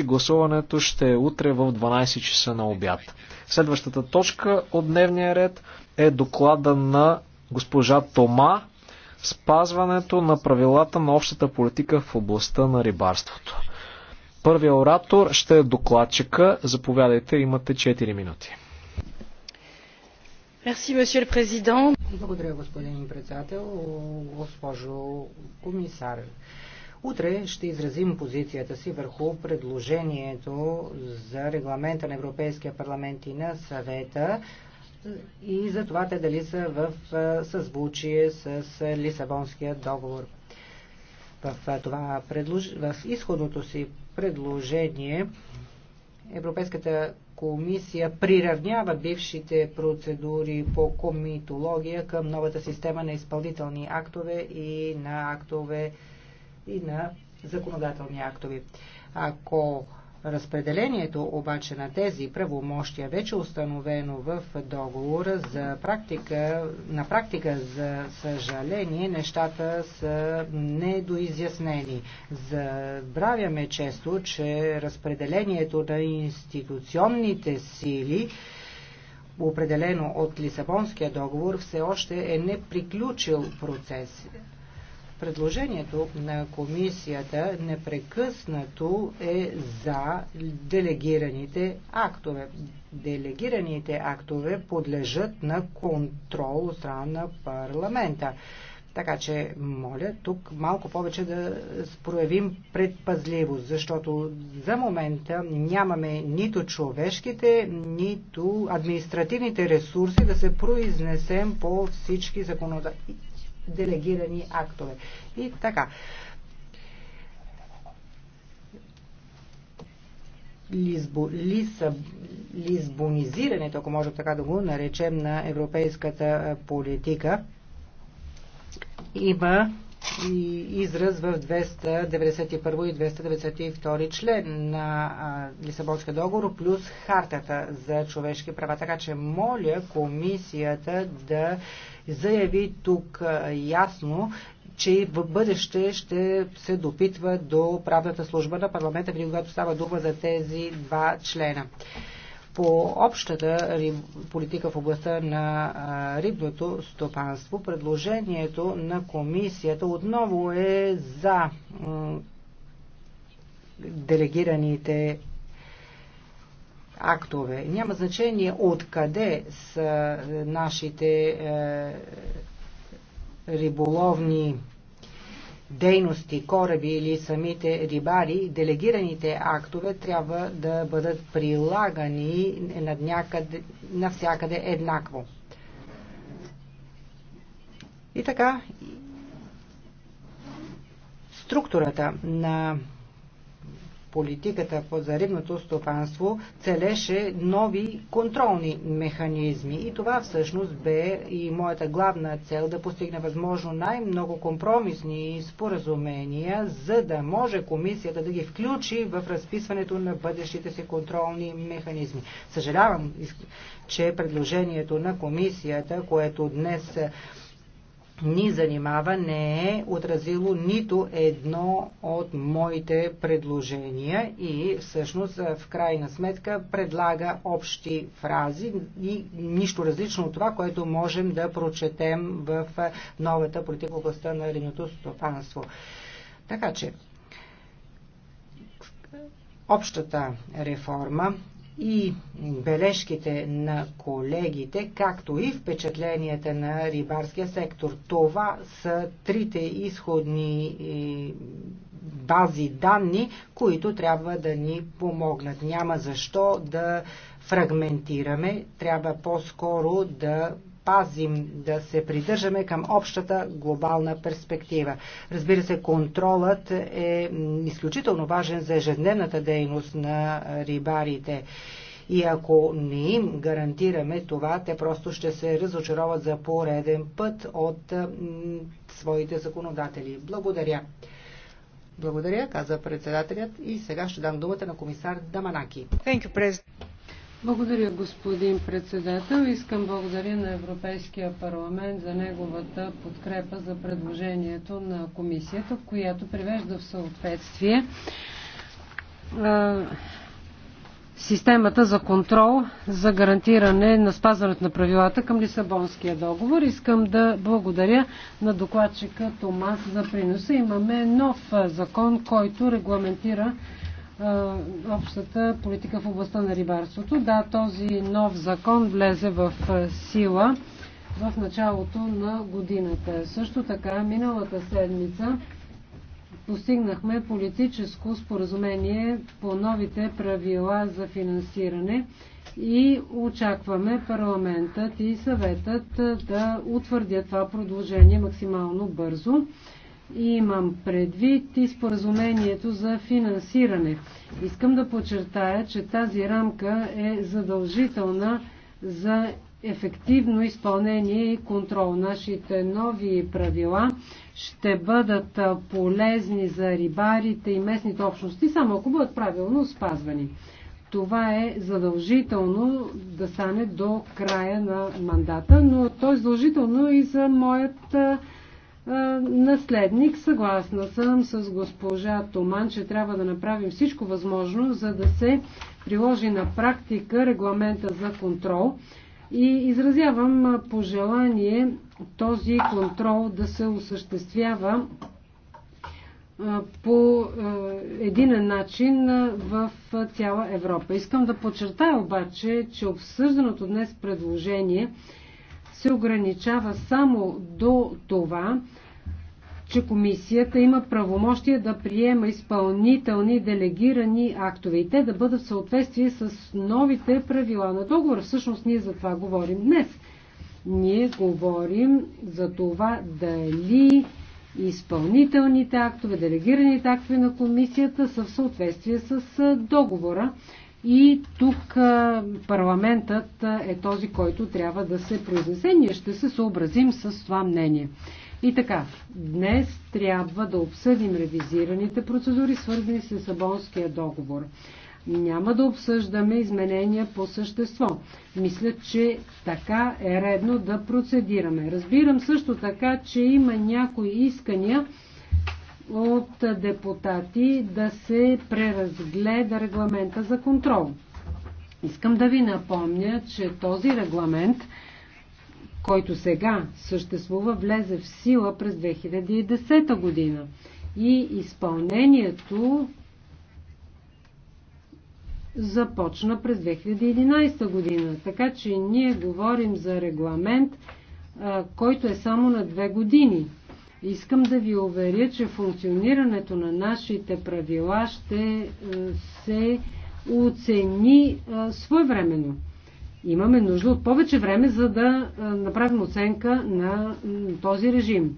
че гласуването ще е утре в 12 часа на обяд. Следващата точка от дневния ред е доклада на госпожа Тома спазването на правилата на общата политика в областта на рибарството. Първият оратор ще е докладчика. Заповядайте, имате 4 минути. Благодаря, господин председател, госпожо комисар. Утре ще изразим позицията си върху предложението за регламента на Европейския парламент и на съвета и за това те дали са в съзвучие с Лисабонския договор. В, това предлож... в изходното си предложение Европейската комисия приравнява бившите процедури по комитология към новата система на изпълнителни актове и на актове и на законодателни актови. Ако Разпределението обаче на тези правомощия вече е установено в договора за практика, на практика за съжаление нещата са недоизяснени. Забравяме често, че разпределението на институционните сили определено от Лисабонския договор все още е неприключил процес. Предложението на комисията непрекъснато е за делегираните актове. Делегираните актове подлежат на контрол от страна на парламента. Така че, моля, тук малко повече да проявим предпазливост, защото за момента нямаме нито човешките, нито административните ресурси да се произнесем по всички законодателства делегирани актове. И така. лизбо, лиса, лизбонизирането, ако може така да го наречем, на европейската политика има и израз в 291 и 292 член на Лисабонския договор плюс хартата за човешки права. Така че моля комисията да заяви тук ясно, че в бъдеще ще се допитва до правната служба на парламента, при когато става дума за тези два члена. По общата риб... политика в областта на а, рибното стопанство, предложението на комисията отново е за делегираните актове. Няма значение откъде са нашите е, риболовни дейности, кораби или самите рибари, делегираните актове трябва да бъдат прилагани някъде, навсякъде еднакво. И така, структурата на политиката по заребното стопанство целеше нови контролни механизми. И това всъщност бе и моята главна цел да постигне възможно най-много компромисни споразумения, за да може комисията да ги включи в разписването на бъдещите си контролни механизми. Съжалявам, че предложението на комисията, което днес ни занимава, не е отразило нито едно от моите предложения и всъщност в крайна сметка предлага общи фрази и нищо различно от това, което можем да прочетем в новата политика областта на леното стопанство. Така че, общата реформа и бележките на колегите, както и впечатленията на рибарския сектор. Това са трите изходни е, бази данни, които трябва да ни помогнат. Няма защо да фрагментираме, трябва по-скоро да пазим, да се придържаме към общата глобална перспектива. Разбира се, контролът е изключително важен за ежедневната дейност на рибарите. И ако не им гарантираме това, те просто ще се разочароват за пореден път от своите законодатели. Благодаря. Благодаря, каза председателят. И сега ще дам думата на комисар Даманаки. Thank you, благодаря, господин председател. Искам благодаря на Европейския парламент за неговата подкрепа за предложението на комисията, която привежда в съответствие системата за контрол за гарантиране на спазването на правилата към Лисабонския договор. Искам да благодаря на докладчика Томас за приноса. Имаме нов закон, който регламентира общата политика в областта на рибарството. Да, този нов закон влезе в сила в началото на годината. Също така, миналата седмица постигнахме политическо споразумение по новите правила за финансиране и очакваме парламентът и съветът да утвърдят това продължение максимално бързо. Имам предвид и споразумението за финансиране. Искам да подчертая, че тази рамка е задължителна за ефективно изпълнение и контрол. Нашите нови правила ще бъдат полезни за рибарите и местните общности, само ако бъдат правилно спазвани. Това е задължително да стане до края на мандата, но то е задължително и за моят наследник. Съгласна съм с госпожа Томан, че трябва да направим всичко възможно, за да се приложи на практика регламента за контрол. И изразявам пожелание този контрол да се осъществява по един начин в цяла Европа. Искам да подчертая обаче, че обсъжданото днес предложение се ограничава само до това, че комисията има правомощие да приема изпълнителни делегирани актове и те да бъдат в съответствие с новите правила на договора. Всъщност ние за това говорим днес. Ние говорим за това дали изпълнителните актове, делегираните актове на комисията са в съответствие с договора и тук парламентът е този, който трябва да се произнесе. Ние ще се съобразим с това мнение. И така, днес трябва да обсъдим ревизираните процедури, свързани с Лисабонския договор. Няма да обсъждаме изменения по същество. Мисля, че така е редно да процедираме. Разбирам също така, че има някои искания, от депутати да се преразгледа регламента за контрол. Искам да ви напомня, че този регламент, който сега съществува, влезе в сила през 2010 година и изпълнението започна през 2011 година. Така че ние говорим за регламент, който е само на две години. Искам да ви уверя, че функционирането на нашите правила ще е, се оцени е, своевременно. Имаме нужда от повече време, за да е, направим оценка на този режим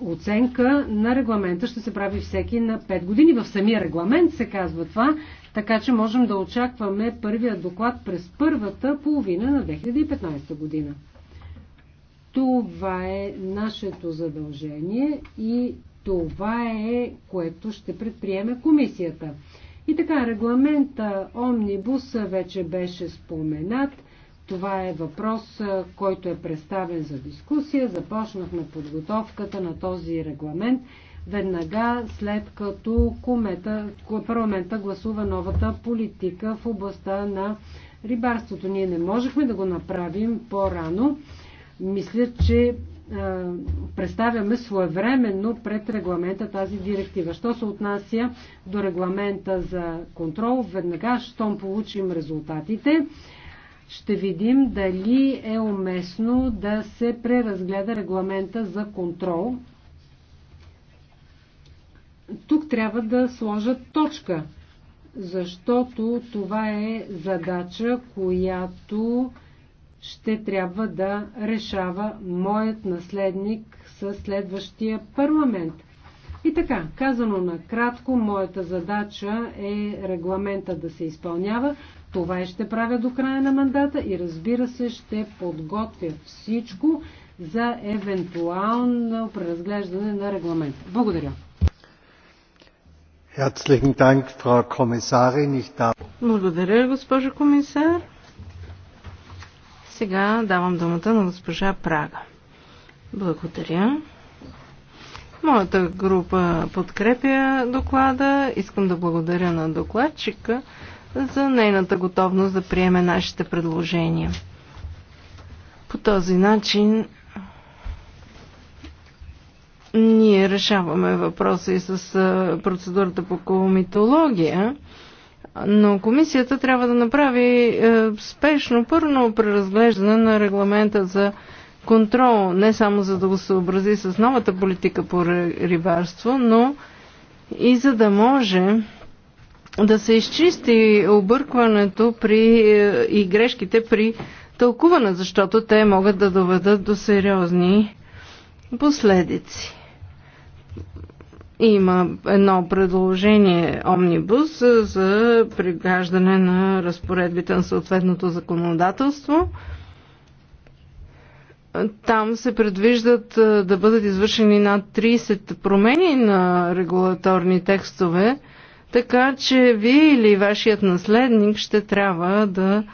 оценка на регламента ще се прави всеки на 5 години. В самия регламент се казва това, така че можем да очакваме първия доклад през първата половина на 2015 година. Това е нашето задължение и това е което ще предприеме комисията. И така, регламента Омнибус вече беше споменат. Това е въпрос, който е представен за дискусия. Започнахме подготовката на този регламент веднага след като комета, парламента гласува новата политика в областта на рибарството. Ние не можехме да го направим по-рано. Мисля, че представяме своевременно пред регламента тази директива. Що се отнася до регламента за контрол, веднага щом получим резултатите, ще видим дали е уместно да се преразгледа регламента за контрол. Тук трябва да сложат точка, защото това е задача, която ще трябва да решава моят наследник със следващия парламент. И така, казано накратко, моята задача е регламента да се изпълнява, това и ще правя до края на мандата и разбира се ще подготвя всичко за евентуално преразглеждане на регламента. Благодаря. Благодаря, госпожо комисар. Сега давам думата на госпожа Прага. Благодаря. Моята група подкрепя доклада. Искам да благодаря на докладчика за нейната готовност да приеме нашите предложения. По този начин ние решаваме въпроса и с процедурата по комитология, но комисията трябва да направи спешно първо преразглеждане на регламента за контрол, не само за да го съобрази с новата политика по рибарство, но и за да може да се изчисти объркването при, е, и грешките при тълкуване, защото те могат да доведат до сериозни последици. Има едно предложение Омнибус е, за пригаждане на разпоредбите на съответното законодателство. Там се предвиждат е, да бъдат извършени над 30 промени на регулаторни текстове – така че вие или вашият наследник ще трябва да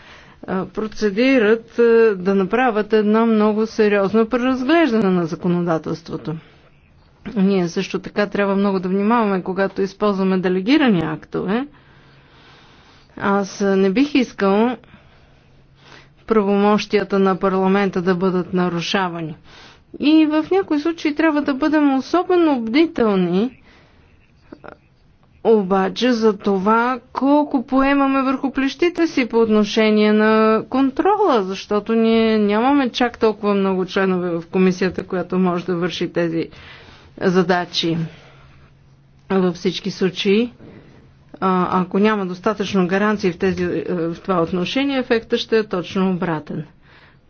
процедират да направят едно много сериозно преразглеждане на законодателството. Ние също така трябва много да внимаваме, когато използваме делегирани актове. Аз не бих искал правомощията на парламента да бъдат нарушавани. И в някои случаи трябва да бъдем особено бдителни, обаче за това колко поемаме върху плещите си по отношение на контрола, защото ние нямаме чак толкова много членове в комисията, която може да върши тези задачи. Във всички случаи, ако няма достатъчно гаранции в, тези, е, в това отношение, ефектът ще е точно обратен.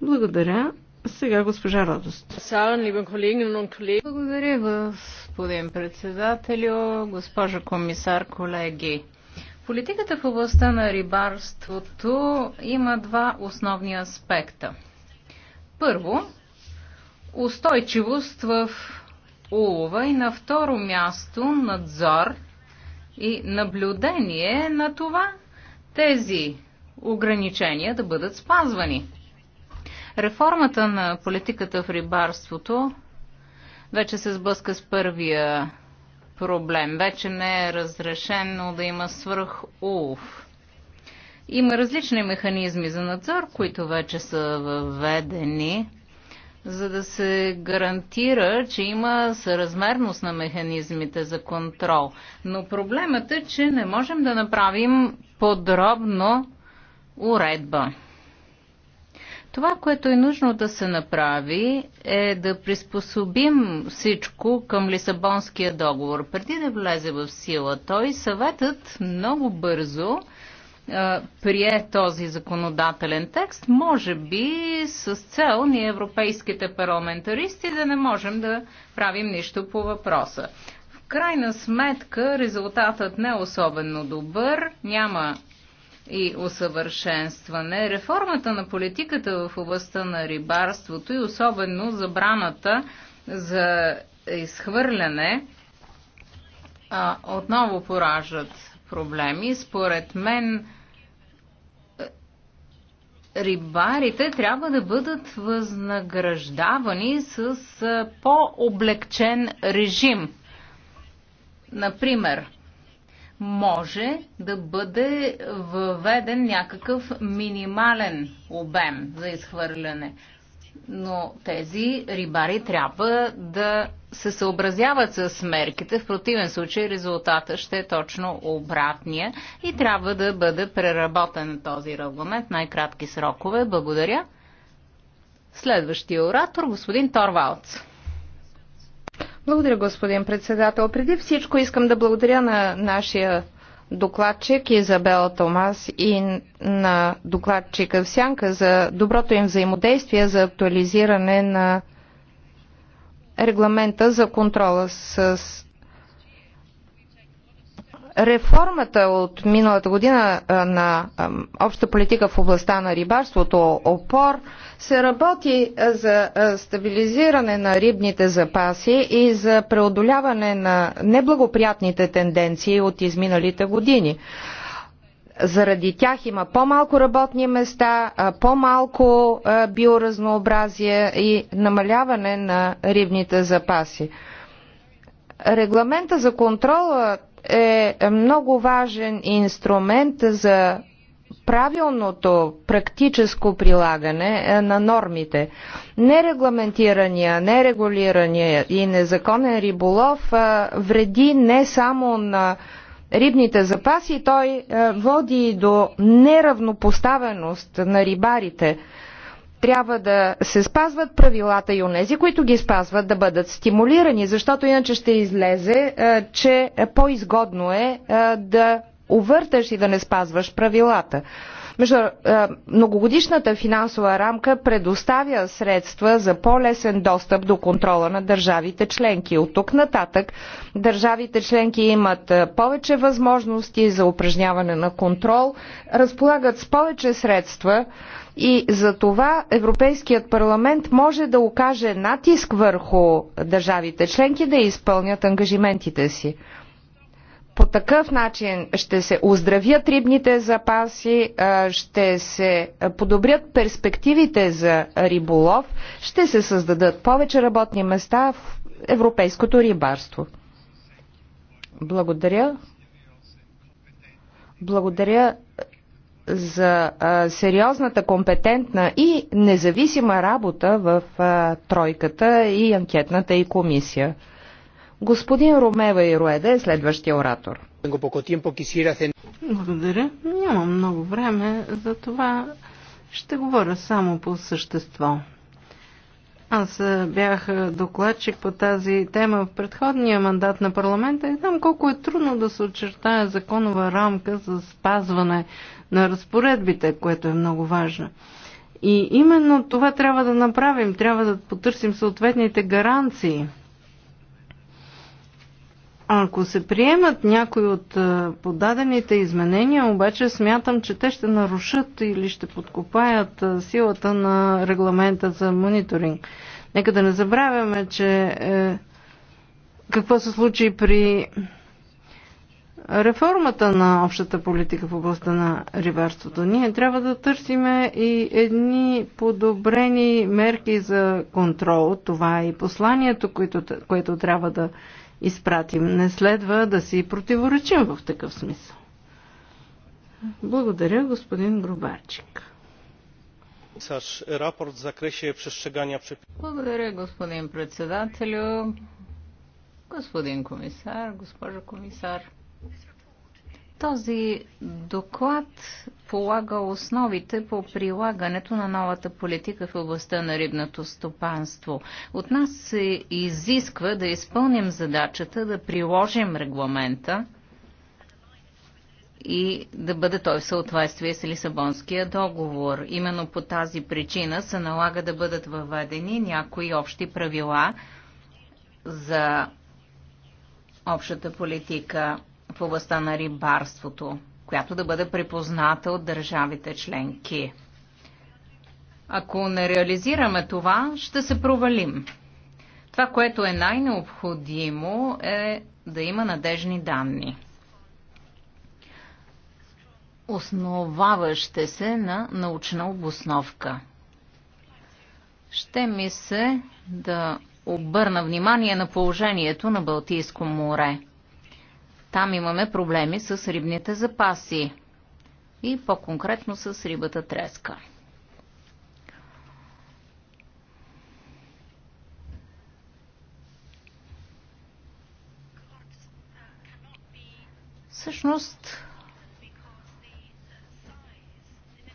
Благодаря. Сега госпожа Радост. Благодаря вас господин председателю, госпожо комисар, колеги. Политиката в областта на рибарството има два основни аспекта. Първо, устойчивост в улова и на второ място надзор и наблюдение на това тези ограничения да бъдат спазвани. Реформата на политиката в рибарството вече се сблъска с първия проблем. Вече не е разрешено да има свръх улов. Има различни механизми за надзор, които вече са въведени, за да се гарантира, че има съразмерност на механизмите за контрол. Но проблемът е, че не можем да направим подробно уредба. Това, което е нужно да се направи, е да приспособим всичко към Лисабонския договор. Преди да влезе в сила той, съветът много бързо прие този законодателен текст, може би с цел ние европейските парламентаристи да не можем да правим нищо по въпроса. В крайна сметка резултатът не е особено добър, няма и усъвършенстване. Реформата на политиката в областта на рибарството и особено забраната за изхвърляне а, отново поражат проблеми. Според мен е, рибарите трябва да бъдат възнаграждавани с е, по-облегчен режим. Например, може да бъде въведен някакъв минимален обем за изхвърляне. Но тези рибари трябва да се съобразяват с мерките, в противен случай резултата ще е точно обратния и трябва да бъде преработен този регламент. Най-кратки срокове. Благодаря. Следващия оратор, господин Торвалц. Благодаря, господин председател. Преди всичко искам да благодаря на нашия докладчик Изабела Томас и на докладчика Всянка Сянка за доброто им взаимодействие за актуализиране на регламента за контрола с Реформата от миналата година на обща политика в областта на рибарството ОПОР се работи за стабилизиране на рибните запаси и за преодоляване на неблагоприятните тенденции от изминалите години. Заради тях има по-малко работни места, по-малко биоразнообразие и намаляване на рибните запаси. Регламента за контрола е много важен инструмент за правилното практическо прилагане е, на нормите. Нерегламентирания, нерегулирания и незаконен риболов е, вреди не само на рибните запаси, той е, води и до неравнопоставеност на рибарите – трябва да се спазват правилата и онези, които ги спазват, да бъдат стимулирани, защото иначе ще излезе, е, че по-изгодно е, е да увърташ и да не спазваш правилата. Между е, многогодишната финансова рамка предоставя средства за по-лесен достъп до контрола на държавите членки. От тук нататък държавите членки имат повече възможности за упражняване на контрол, разполагат с повече средства и за това Европейският парламент може да окаже натиск върху държавите членки да изпълнят ангажиментите си. По такъв начин ще се оздравят рибните запаси, ще се подобрят перспективите за риболов, ще се създадат повече работни места в европейското рибарство. Благодаря. Благодаря за сериозната, компетентна и независима работа в тройката и анкетната и комисия. Господин Ромева Ируеда е следващия оратор. Благодаря. Нямам много време, за това ще говоря само по същество. Аз е, бях е, докладчик по тази тема в предходния мандат на парламента и знам колко е трудно да се очертая законова рамка за спазване на разпоредбите, което е много важно. И именно това трябва да направим. Трябва да потърсим съответните гаранции – ако се приемат някои от е, подадените изменения, обаче смятам, че те ще нарушат или ще подкопаят е, силата на регламента за мониторинг. Нека да не забравяме, че е, какво се случи при реформата на общата политика в областта на рибарството. Ние трябва да търсиме и едни подобрени мерки за контрол. Това е и посланието, което, което трябва да изпратим. Не следва да си противоречим в такъв смисъл. Благодаря, господин Грубарчик. рапорт за Благодаря, господин председателю, господин комисар, госпожа комисар. Този доклад полага основите по прилагането на новата политика в областта на рибното стопанство. От нас се изисква да изпълним задачата да приложим регламента и да бъде той в съответствие с Лисабонския договор. Именно по тази причина се налага да бъдат въведени някои общи правила за общата политика в областта на рибарството, която да бъде припозната от държавите членки. Ако не реализираме това, ще се провалим. Това, което е най-необходимо е да има надежни данни. Основаващи се на научна обосновка. Ще ми се да обърна внимание на положението на Балтийско море. Там имаме проблеми с рибните запаси и по-конкретно с рибата треска. Всъщност,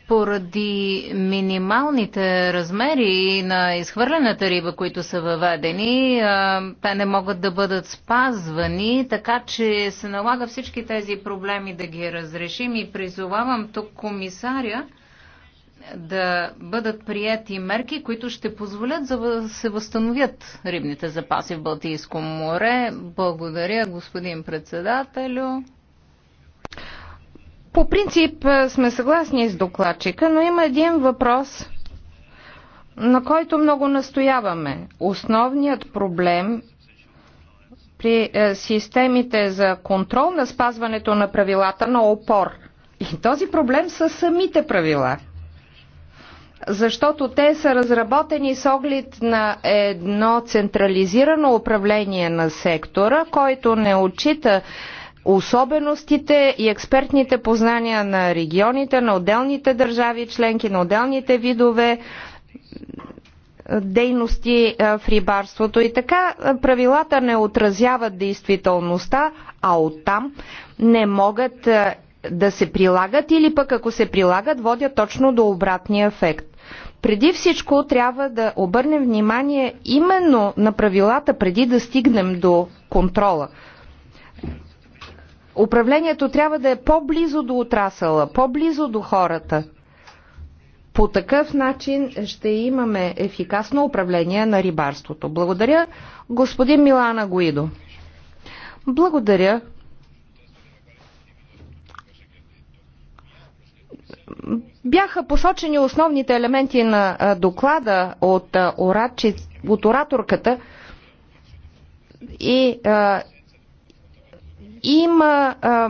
Поради минималните размери на изхвърлената риба, които са въведени, те не могат да бъдат спазвани, така че се налага всички тези проблеми да ги разрешим и призовавам тук комисаря да бъдат прияти мерки, които ще позволят да се възстановят рибните запаси в Балтийско море. Благодаря, господин председателю. По принцип е, сме съгласни с докладчика, но има един въпрос, на който много настояваме. Основният проблем при е, системите за контрол на спазването на правилата на опор. И този проблем са самите правила. Защото те са разработени с оглед на едно централизирано управление на сектора, който не отчита особеностите и експертните познания на регионите, на отделните държави членки, на отделните видове е, дейности е, в рибарството. И така е, правилата не отразяват действителността, а оттам не могат да се прилагат или пък ако се прилагат, водят точно до обратния ефект. Преди всичко трябва да обърнем внимание именно на правилата преди да стигнем до контрола. Управлението трябва да е по-близо до отрасъла, по-близо до хората. По такъв начин ще имаме ефикасно управление на рибарството. Благодаря, господин Милана Гоидо. Благодаря. Бяха посочени основните елементи на доклада от, орат, от ораторката и има а,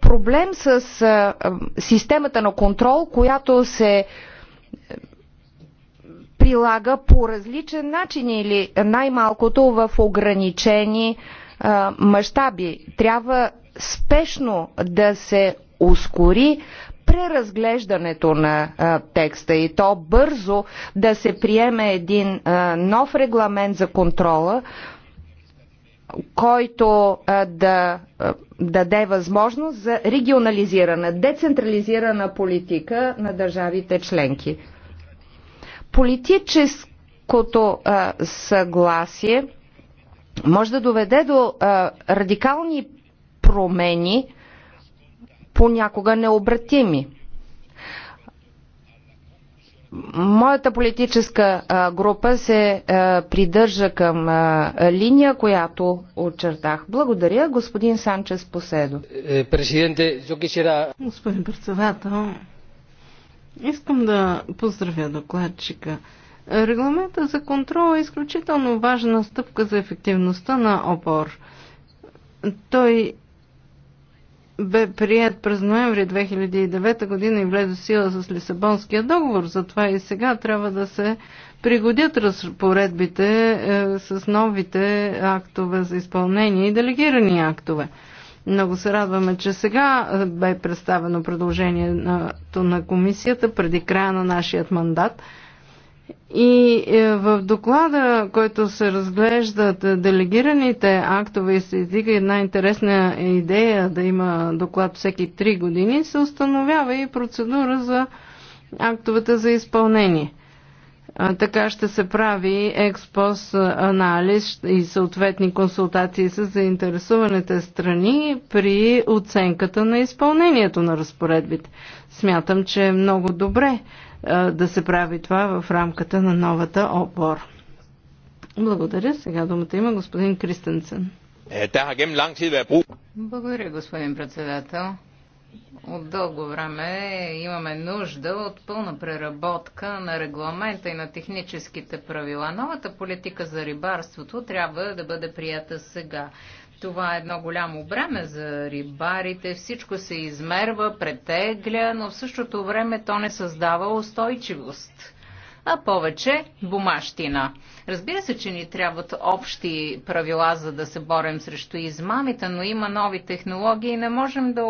проблем с а, системата на контрол, която се е, прилага по различен начин или най-малкото в ограничени мащаби. Трябва спешно да се ускори преразглеждането на а, текста и то бързо да се приеме един а, нов регламент за контрола, който да даде възможност за регионализирана, децентрализирана политика на държавите членки. Политическото съгласие може да доведе до радикални промени, понякога необратими. Моята политическа група се придържа към линия, която очертах. Благодаря, господин Санчес Поседо. Е, господин председател, искам да поздравя докладчика. Регламента за контрол е изключително важна стъпка за ефективността на ОПОР. Той бе прият през ноември 2009 година и влезе в сила с Лисабонския договор. Затова и сега трябва да се пригодят разпоредбите е, с новите актове за изпълнение и делегирани актове. Много се радваме, че сега е, бе представено предложението на комисията преди края на нашият мандат – и е, в доклада, който се разглеждат е, делегираните актове и се издига една интересна идея да има доклад всеки три години, се установява и процедура за актовете за изпълнение. Така ще се прави експос е, анализ и съответни консултации с заинтересуваните страни при оценката на изпълнението на разпоредбите. Смятам, че е много добре да се прави това в рамката на новата опор. Благодаря. Сега думата има господин Кристенсен. Е, Благодаря, господин председател. От дълго време имаме нужда от пълна преработка на регламента и на техническите правила. Новата политика за рибарството трябва да бъде прията сега. Това е едно голямо бреме за рибарите. Всичко се измерва, претегля, но в същото време то не създава устойчивост а повече бумащина. Разбира се, че ни трябват общи правила, за да се борем срещу измамите, но има нови технологии и не можем да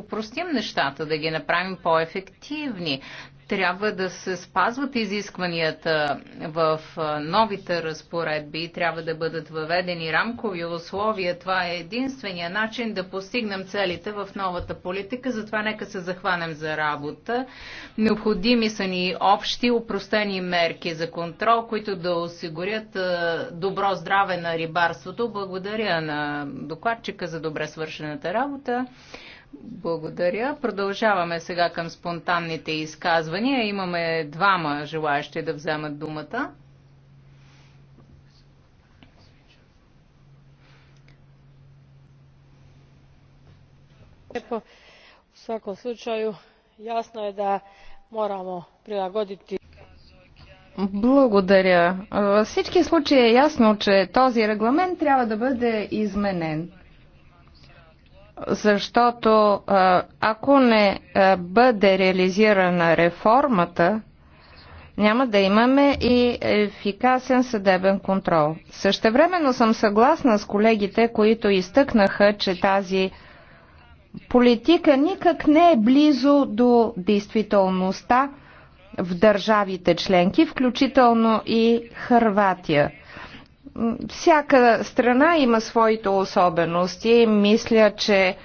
упростим нещата, да ги направим по-ефективни. Трябва да се спазват изискванията в новите разпоредби, трябва да бъдат въведени рамкови условия. Това е единствения начин да постигнем целите в новата политика, затова нека се захванем за работа. Необходими са ни общи упростени мерки за контрол, които да осигурят добро здраве на рибарството. Благодаря на докладчика за добре свършената работа. Благодаря. Продължаваме сега към спонтанните изказвания. Имаме двама желаящи да вземат думата. в всяком случаю, ясно е да морамо прилагодити. Благодаря. Във всички случаи е ясно, че този регламент трябва да бъде изменен защото ако не бъде реализирана реформата, няма да имаме и ефикасен съдебен контрол. Същевременно съм съгласна с колегите, които изтъкнаха, че тази политика никак не е близо до действителността в държавите членки, включително и Хърватия всяка страна има своите особености. Мисля, че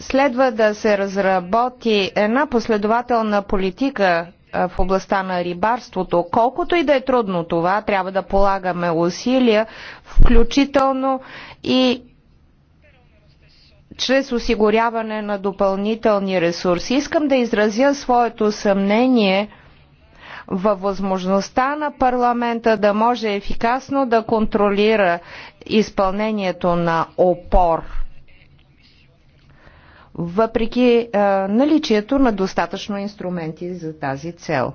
следва да се разработи една последователна политика в областта на рибарството. Колкото и да е трудно това, трябва да полагаме усилия, включително и чрез осигуряване на допълнителни ресурси. Искам да изразя своето съмнение във възможността на парламента да може ефикасно да контролира изпълнението на опор, въпреки е, наличието на достатъчно инструменти за тази цел.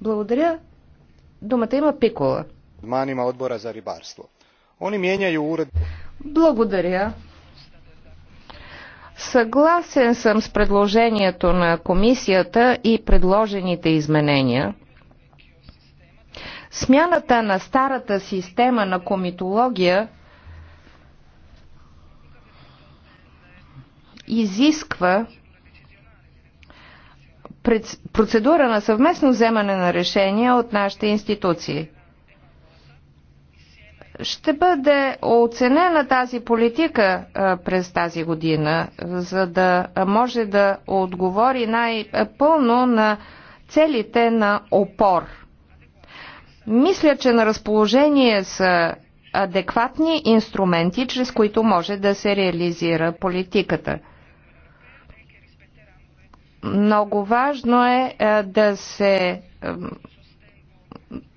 Благодаря. Думата има Пикола. Манима отбора за рибарство. Они уред. Благодаря. Съгласен съм с предложението на комисията и предложените изменения. Смяната на старата система на комитология изисква процедура на съвместно вземане на решения от нашите институции ще бъде оценена тази политика през тази година, за да може да отговори най-пълно на целите на опор. Мисля, че на разположение са адекватни инструменти, чрез които може да се реализира политиката. Много важно е да се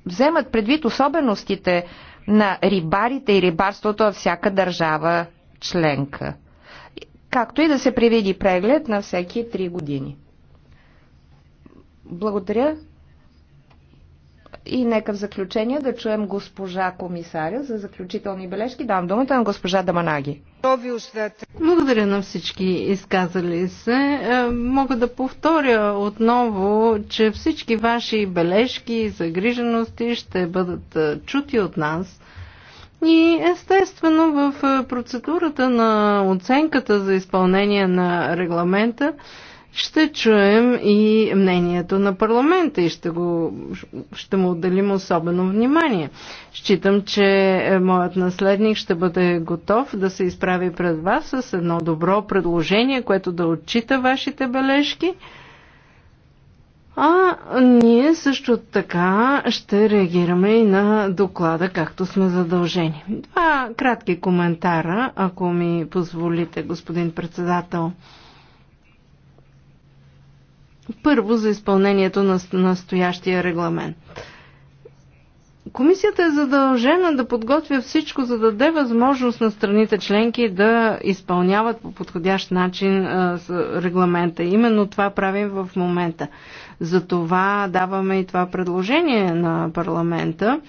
вземат предвид особеностите на рибарите и рибарството във всяка държава членка. Както и да се приведи преглед на всеки три години. Благодаря. И нека в заключение да чуем госпожа комисаря за заключителни бележки. Дам думата на госпожа Даманаги. Благодаря на всички изказали се. Е, мога да повторя отново, че всички ваши бележки и загрижености ще бъдат е, чути от нас. И естествено в е, процедурата на оценката за изпълнение на регламента ще чуем и мнението на парламента и ще, го, ще му отделим особено внимание. Считам, че е, моят наследник ще бъде готов да се изправи пред вас с едно добро предложение, което да отчита вашите бележки. А ние също така ще реагираме и на доклада, както сме задължени. Два кратки коментара, ако ми позволите, господин председател. Първо за изпълнението на настоящия регламент. Комисията е задължена да подготвя всичко, за да даде възможност на страните членки да изпълняват по подходящ начин регламента. Именно това правим в момента. За това даваме и това предложение на парламента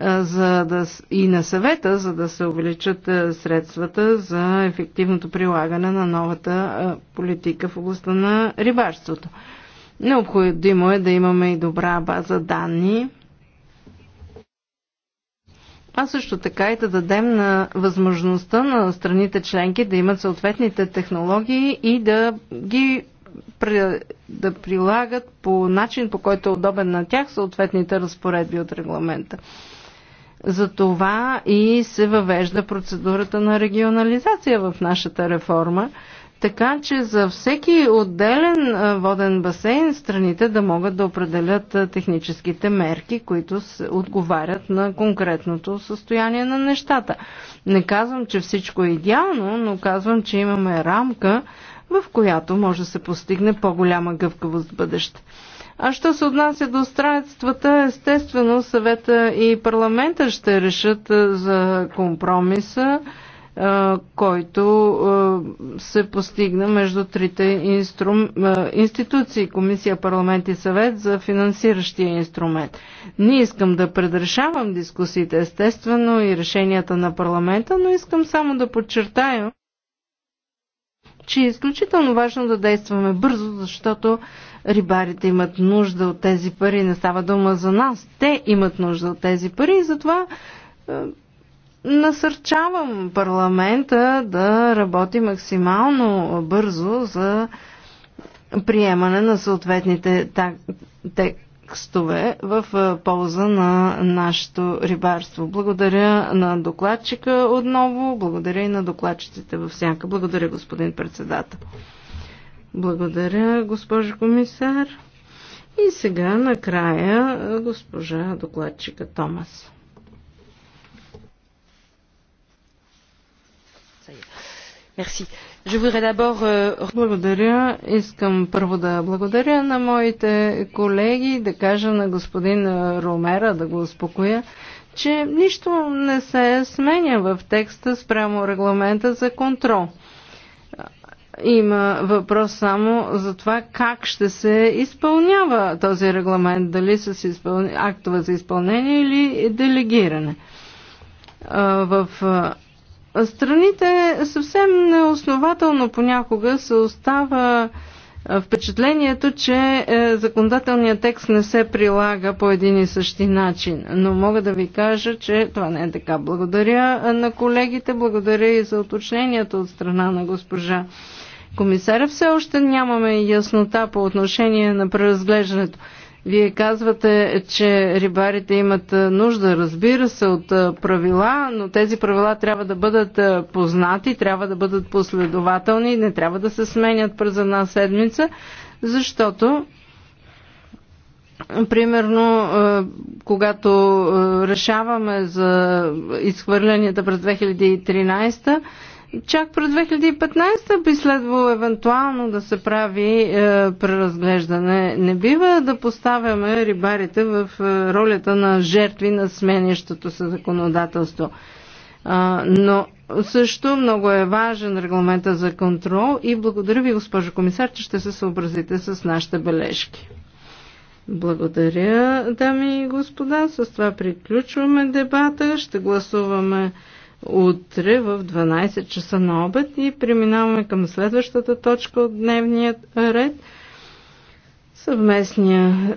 за да, и на съвета, за да се увеличат средствата за ефективното прилагане на новата политика в областта на рибарството. Необходимо е да имаме и добра база данни, а също така и да дадем на възможността на страните членки да имат съответните технологии и да ги да прилагат по начин, по който е удобен на тях съответните разпоредби от регламента. За това и се въвежда процедурата на регионализация в нашата реформа, така че за всеки отделен воден басейн страните да могат да определят техническите мерки, които отговарят на конкретното състояние на нещата. Не казвам, че всичко е идеално, но казвам, че имаме рамка, в която може да се постигне по-голяма гъвкавост в бъдеще. А що се отнася до странствата, естествено съвета и парламента ще решат е, за компромиса, е, който е, се постигна между трите инстру... институции, комисия, парламент и съвет за финансиращия инструмент. Не искам да предрешавам дискусиите, естествено, и решенията на парламента, но искам само да подчертая, че е изключително важно да действаме бързо, защото рибарите имат нужда от тези пари. Не става дума за нас. Те имат нужда от тези пари и затова е, насърчавам парламента да работи максимално бързо за приемане на съответните так, текстове в полза на нашето рибарство. Благодаря на докладчика отново, благодаря и на докладчиците във всяка. Благодаря, господин председател. Благодаря, госпожо комисар. И сега накрая госпожа докладчика Томас. Merci. Euh, благодаря. Искам първо да благодаря на моите колеги, да кажа на господин Ромера, да го успокоя, че нищо не се сменя в текста спрямо регламента за контрол. Има въпрос само за това как ще се изпълнява този регламент, дали с актове за изпълнение или делегиране. В страните съвсем неоснователно понякога се остава впечатлението, че е, законодателният текст не се прилага по един и същи начин. Но мога да ви кажа, че това не е така. Благодаря на колегите, благодаря и за уточнението от страна на госпожа комисаря. Все още нямаме яснота по отношение на преразглеждането. Вие казвате, че рибарите имат нужда, разбира се, от правила, но тези правила трябва да бъдат познати, трябва да бъдат последователни, не трябва да се сменят през една седмица, защото Примерно, когато решаваме за изхвърлянията през 2013, Чак през 2015 би следвало евентуално да се прави е, преразглеждане. Не бива да поставяме рибарите в е, ролята на жертви на сменящото се законодателство. А, но също много е важен регламента за контрол и благодаря ви, госпожо комисар, че ще се съобразите с нашите бележки. Благодаря, дами и господа. С това приключваме дебата. Ще гласуваме утре в 12 часа на обед и преминаваме към следващата точка от дневния ред. Съвместния